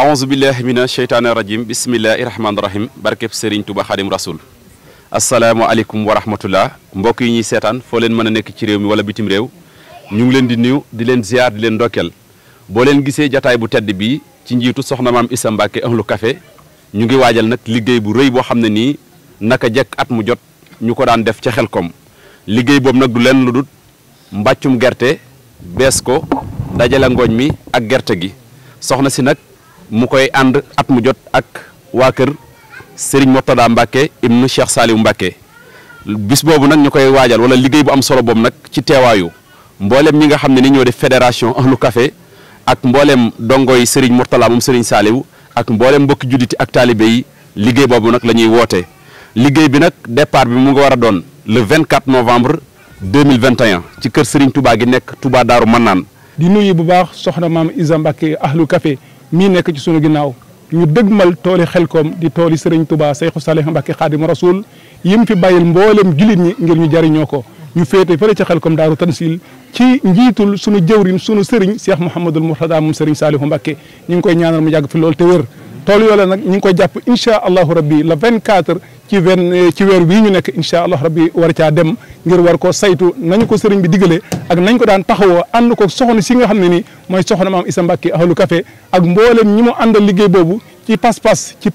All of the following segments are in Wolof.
aousubillahi mina sheytaani rajim bisimillahi rahmaani rahim barkeb sëriñ tuba xadim rasul asalaamaaleykum wa rahmatullah mbokk yi ñuy seetaan foo leen mën a nekk ci réew mi wala bitim réew ñu ngi leen di nuyu di leen ziar di leen ndokkeel boo leen gisee jataay bu tedd bii ci njiitu soxna maam Issa Mbacke ahlu kafe ñu ngi waajal nag liggéey bu rëy boo xam ne nii naka jekk at mu jot ñu ko daan def ca Xelkom liggéey boobu nag du leen lu dut mbàccum gerte bees ko dajale ngooñ mi ak gerte gi soxna si nag mu koy ànd at mu jot ak waa kër sëriñ Mourtada Mbacke ibnu Cheikh Saliou Mbacke bis boobu nag ñu koy waajal wala liggéey bu am solo boobu nag ci teewaayu mboolem ñi nga xam ne ni ñoo def fédération ahlu kafe ak mboolem dongoy Serigne Mourtada moom Serigne Saliou ak mboolem mbokki judditi ak taalibe yi liggéey boobu nag la ñuy woote liggéey bi nag départ bi mu nga war a doon le 24 novembre 2021 ci kër Serigne Touba gi nekk Touba Daaru Mannaan di nuyu bu baax soxna mii nekk ci sunu ginnaaw ñu mal dëgmal tooli xelkoom di tooli sëriñ Touba Seyxu Salih Mbacke Xaadimu Rasuul yim fi bàyyil mboolem jullit ñi ngir ñu jariñoo ko ñu féete fële ca xelkoom daaru tansil ci njiitul sunu jëwrin sunu sëriñ Cheikh Mouhamadul Mourtada moom sëriñ Salihu Mbacke ñu ngi koy ñaanal mu yàgg fi loolu te wér tool yoolee nag ñu ngi koy jàpp incha allahu rabbi la 24 ci wen ci weer wii ñu nekk incha allahu rabbi war caa dem ngir war ko saytu nañu ko sëriñ bi digalee ak nañu ko daan taxawoo ànd ko soxna si nga xam ne nii mooy soxna maam Issa Mbacke ahlu café ak ñi mu àndal liggéey boobu ci pas-pas ci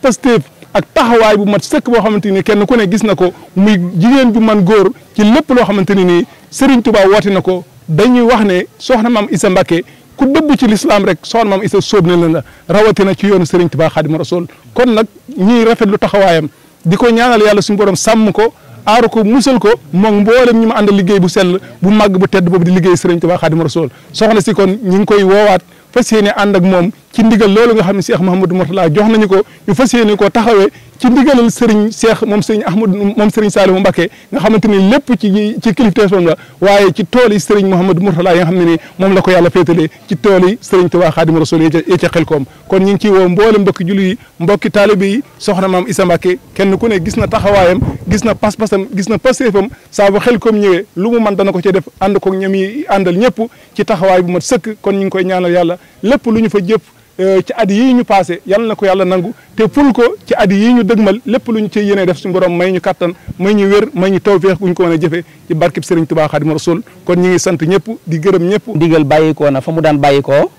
ak taxawaay bu mat sëkk boo xamante ni kenn ku ne gis na ko muy jigéen bu man góor ci lépp loo xamante ni nii sëriñ Tuubaa woote na ko dañuy wax ne soxna maam Issa Mbacke ku dëbb ci lislaam rek soxna maam isa sóob na la rawatina ci yoonu Serigne Touba Xaadimu Rasuul kon nag ñiy lu taxawaayam di ko ñaanal yàlla suñu borom sàmm ko aar ko musal ko moom mboolem ñi ma àndal liggéey bu sell bu màgg bu tedd boobu di liggéey Serigne Touba Xaadimu Rasuul soxna si kon ñi ngi koy woowaat fas yéene ànd ak moom ci ndigal loolu nga xam ne Cheikh Mouhamadou Mourtala jox nañu ko ñu fas yéene koo taxawee ci ndigalal Serigne Cheikh moom Serigne Ahmadou moom Serigne Saliou Mbacké nga xamante ni lépp ci ci kilifteefam la waaye ci tool seriñ Serigne Mouhamadou Mourtala yi nga xam ne ni moom la ko yàlla féetalee ci tool yi Serigne Touba Khadim Rasoul yi ca Xelkom kon ñu ngi ciy woo mboolem mbokki julli yi mbokki taalibe yi soxna maam Issa Mbacké kenn ku ne gis na taxawaayam gis na pas-pasam gis na pasteefam saa bu Xelkom ñëwee lu mu mën dana ko ca def ànd ko ñam yi àndal ñëpp ci taxawaay bu mat sëkk kon ñu ngi koy ñaanal yàlla lépp lu ñu fa jëpp Euh, ci at yi ñu passé yal na ko yàlla nangu te ful ko ci at yii ñu dëgmal lépp lu ñu ciy yéene def si borom may ñu kàttan may ñu wér may ñu tawféex gu ñu ko mën a jëfee ci barkib Serigne Touba Xaadimu sol kon ñu ngi sant ñëpp di gërëm ñëpp. ndigal bàyyikoo na fa mu daan bàyyikoo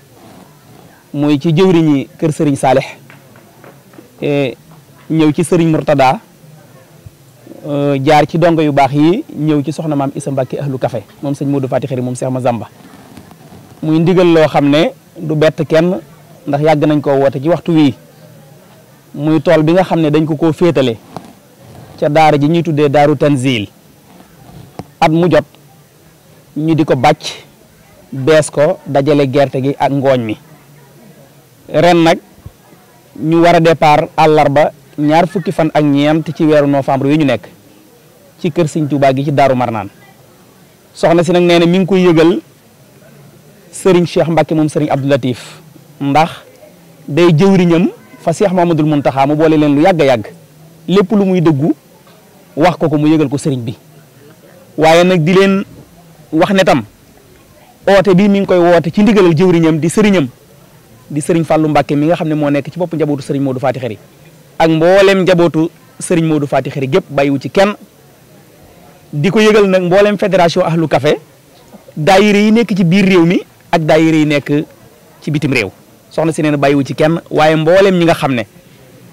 muy ci jëwriñi kër Serigne Salih ñëw ci Serigne Mourtada euh, jaar ci dongo yu baax yi ñëw ci soxna maam Issa Mbacke ahlu kafe moom sëñ Modou Fati Xëri moom Cheikh Mazamba muy ndigal loo xam ne du ndax yàgg nañ koo woote ci waxtu wii muy tool bi nga xam ne dañ ko koo féetale ca daara ji ñuy tuddee daaru tanzil at mu jot ñu di ko bàcc bees ko dajale gerte gi ak ngooñ mi ren nag ñu war a départ àllarba ñaar fukki fan ak ñeent ci weeru novembre wi ñu nekk ci kër Sëñ Tuubaa gi ci Daaru Marnaan soxna si nag nee na mi ngi koy yëgal sëriñ Cheikh Mbacke moom Serigne Abdou Latif ndax day jëwriñam fa Cheikh Mamadul taxaa mu boole leen lu yàgg a yàgg lépp lu muy dëggu wax ko ko mu yëgal ko sëriñ bi waaye nag di leen wax ne tam oote bii mi ngi koy woote ci ndigalal jëwriñam di sëriñam di sëriñ Fàllu Mbàkke mi nga xam ne moo nekk ci bopp njabootu sëriñ Modou Fati Xari ak mboolem njabootu sëriñ Modou Fati Xari gépp bàyyiwu ci kenn di ko yëgal nag mboolem fédération ahlu café daayire yi nekk ci biir réew mi ak daayire yi nekk ci bitim réew soxna si neen bàyyiwu ci kenn waaye mbooleem ñi nga xam ne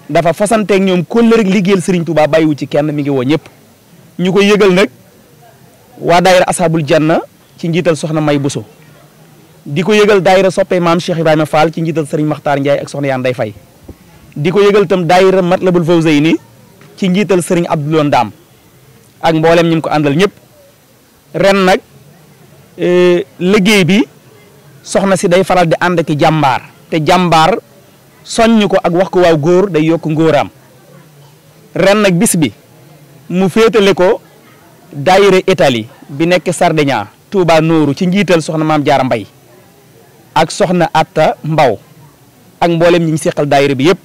dafa fasanteeg ñoom ko ak liggéeyal Sëriñ baa bàyyiwu ci kenn mi ngi woo ñëpp ñu koy yëgal nag waa daayira asaabul janna ci njiital soxna May Buso di ko yëgal daayira soppe maam Cheikh Ibrahima Fall ci njiital Sëriñ Maxtaar Ndiaye ak soxna Yaan Day Fay di ko yëgal itam daayira Matlabul Fawzayni ci njiital Sëriñ Abdoulaye Ndaam ak mbooleem ñi mu ko àndal ñëpp ren nag euh, liggéey bi soxna si day faral di ànd ki jàmbaar te jàmbaar soññ ko ak wax ko waaw góor day yokk ngóoraam ren nag bis bi mu féetale ko daayire Italie bi nekk Sardinia Touba Nooru ci njiital soxna maam Jaara Mbay ak soxna Atta Mbaw ak mboolem ñi ñu seqal daayire bi yëpp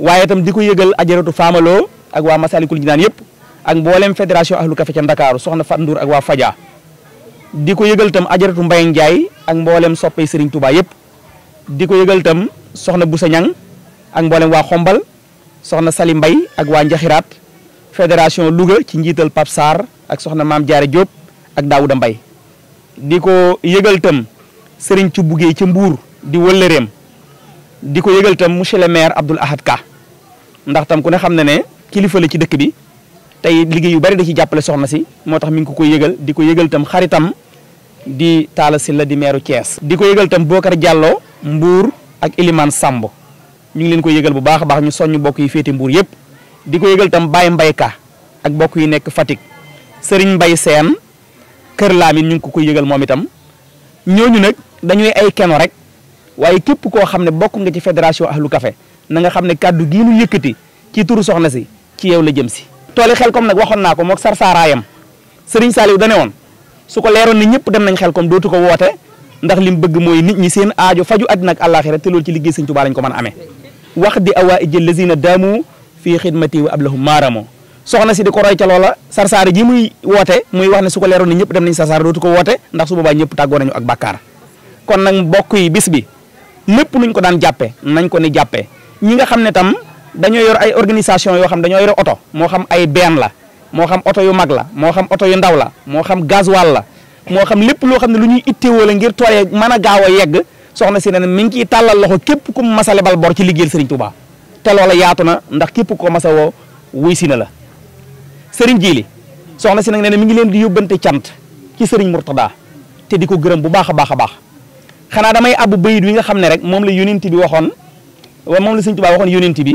waaye tam di ko yëgal ajaratu Faamaloo ak waa Masalikul Jinaan yëpp ak mboolem fédération ahlu café ca Ndakaaru soxna Fat Ndour ak waa Fadia di ko yëgal itam ajaratu Mbay Njaay ak mboolem soppee Serigne Touba yëpp di ko yëgal tam soxna Boussa Niang ak mboolem waa Xombal soxna Sali Mbay ak waa Njaxiraat fédération Louga ci njiital Pape ak soxna Maam Jaare Diop ak Daouda Mbay di ko yëgal itam sëriñ ci buggee ci Mbuur di wëllëreem di ko yëgal itam monsieur le maire Abdoul Ahad Ka ndax tam ku ne xam ne ne kilifa la ci dëkk bi tey liggéey yu bari da ci jàppale soxna si moo tax mi ngi ko koy yëgal di ko yëgal tam xaritam di taala si la di meeru Thiès. di ko yëgal itam Bokar Diallo mbuur ak Elimane Samb ñu ngi leen koy yëgal bu baax a baax ñu soññ bokk yi féete mbuur yëpp di ko yëgal tam Baye Mbaye Ka ak bokk yi nekk Fatick sëriñ Mbaye seen Kër Lamine ñu ngi ko koy yëgal moom itam ñooñu nag dañuy ay keno rek waaye képp koo xam ne bokk nga ci fédération ahlu kafe na nga xam ne kàddu gii nu yëkkati ci turu soxna si ci yow la jëm si tooli xel kom nag waxoon naa ko moog sar saaraayam Serigne Saliou dane woon su ko leeroon ni ñëpp dem nañ xel kom ko woote ndax li mu bëgg mooy nit ñi seen aajo faju àddina ak àllaaxira te loolu ci liggéey sëñ Tuubaa lañ ko mën a amee wax di awaa ijël lazina daamu fii xidmati wa ablahum maaramo soxna si di ko roy ca loola sarsaar ji muy woote muy wax ne su ko leeroon ne ñëpp dem nañ sarsaar dootu ko woote ndax su boobaa ñëpp tàggoo nañu ak bàkkaar kon nag mbokk yi bis bi lépp nuñ ko daan jàppee nañ ko ni jàppee ñi nga xam ne tam dañoo yor ay organisation yoo xam dañoo yor oto moo xam ay benn la moo xam oto yu mag la moo xam oto yu ndaw la moo xam gasoil la moo xam lépp loo xam ne lu ñuy ittewoo la ngir tool mën a gaaw a yegg soxna si ne mi ngi ciy tàllal loxo képp ku mas a lebal bor ci liggéeyal Serigne Touba te loola yaatu na ndax képp ko mas a woo wuy si na la Serigne Jili soxna si nag nee na mi ngi leen di yóbbante cant ci Serigne Mourtada te di ko gërëm bu baax a baax a baax xanaa damay abbu bayit wi nga xam ne rek moom la yonent bi waxoon wa moom la Serigne Touba waxoon yonent bi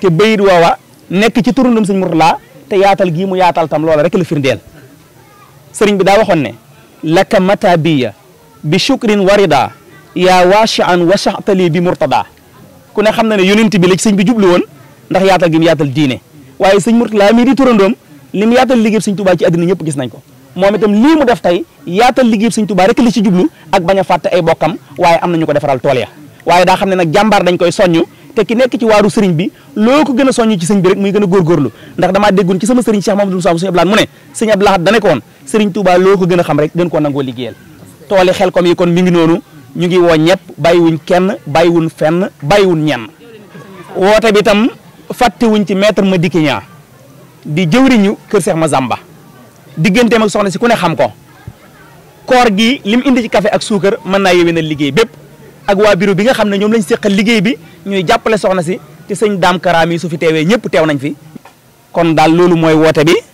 te bayit woowa nekk ci turundum Serigne Mourtada te yaatal gii mu yaatal tam loola rek la firndeel bi daa waxoon ne laka matabiya bi shukrin warida yaa waasian wasaxtali bi murtada ku ne xam na ne yonent bi la ci sëñ bi jublu woon ndax yaatal gi mu yaatal diine waaye sëñ murtada mii di turandoom li mu yaatal liggéey sëñ tubaa ci àddina ñëpp gis nañ ko moom itam lii mu def tey yaatal liggéey sëñ tubaa rek li ci jublu ak bañ a fàtte ay bokkam waaye am na ñu ko defaral tool ya waaye daa xam ne nag jàmbaar dañ koy soññ te ki nekk ci waaru sëriñ bi loo ko gën a soññ ci sëñ bi rek muy gën a góor góorlu ndax dama déggoon ci sama sëriñ Cheikh Mamadou Moussa sëñ Abdoulaye mu ne sëñ Abdoulaye ko woon sëriñ loo ko gën a xam rek gën koo nangoo liggéeyal tooli xel kom yi kon mi ngi noonu ñu ngi woo ñëpp bàyyiwuñ kenn bàyyiwuñ fenn bàyyiwuñ ñenn woote bi tam fàttewuñ ci maître Madické Niang di jëwriñu kër ma Massamba digganteem ak soxna si ku ne xam ko koor gi lim indi ci kafe ak suukar mën naa yewénal liggéey bépp ak waa bureau bi nga xam ne ñoom lañ séqal liggéey bi ñuy jàppale soxna si te sëñ daam karaam yi su fi teewee ñëpp teew nañ fi kon daal loolu mooy woote bi